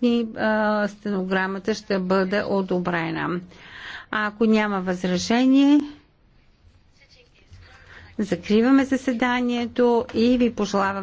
дни а, стенограмата ще бъде одобрена. А ако няма възражение, закриваме заседанието и ви пожелавам